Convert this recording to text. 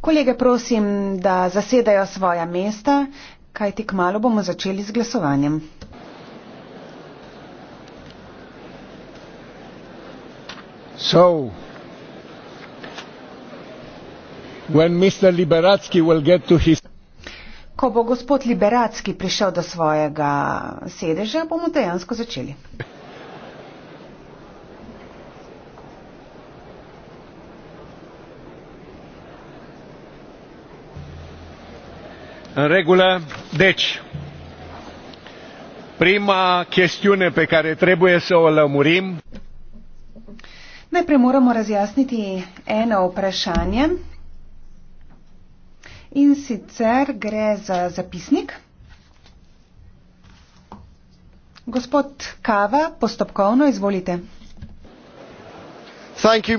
Kolege prosim, da zasedajo svoja mesta, kaj ti kmalo bomo začeli z glasovanjem. So, his... Ko bo gospod Liberacki prišel do svojega sedeža, bomo dejansko začeli. în regulă. Deci, prima chestiune pe care trebuie să o lămurim. Najprej moramo razjasniti eno vprašanje in sicer gre za zapisnik. Gospod Kava, postopkovno izvolite. You,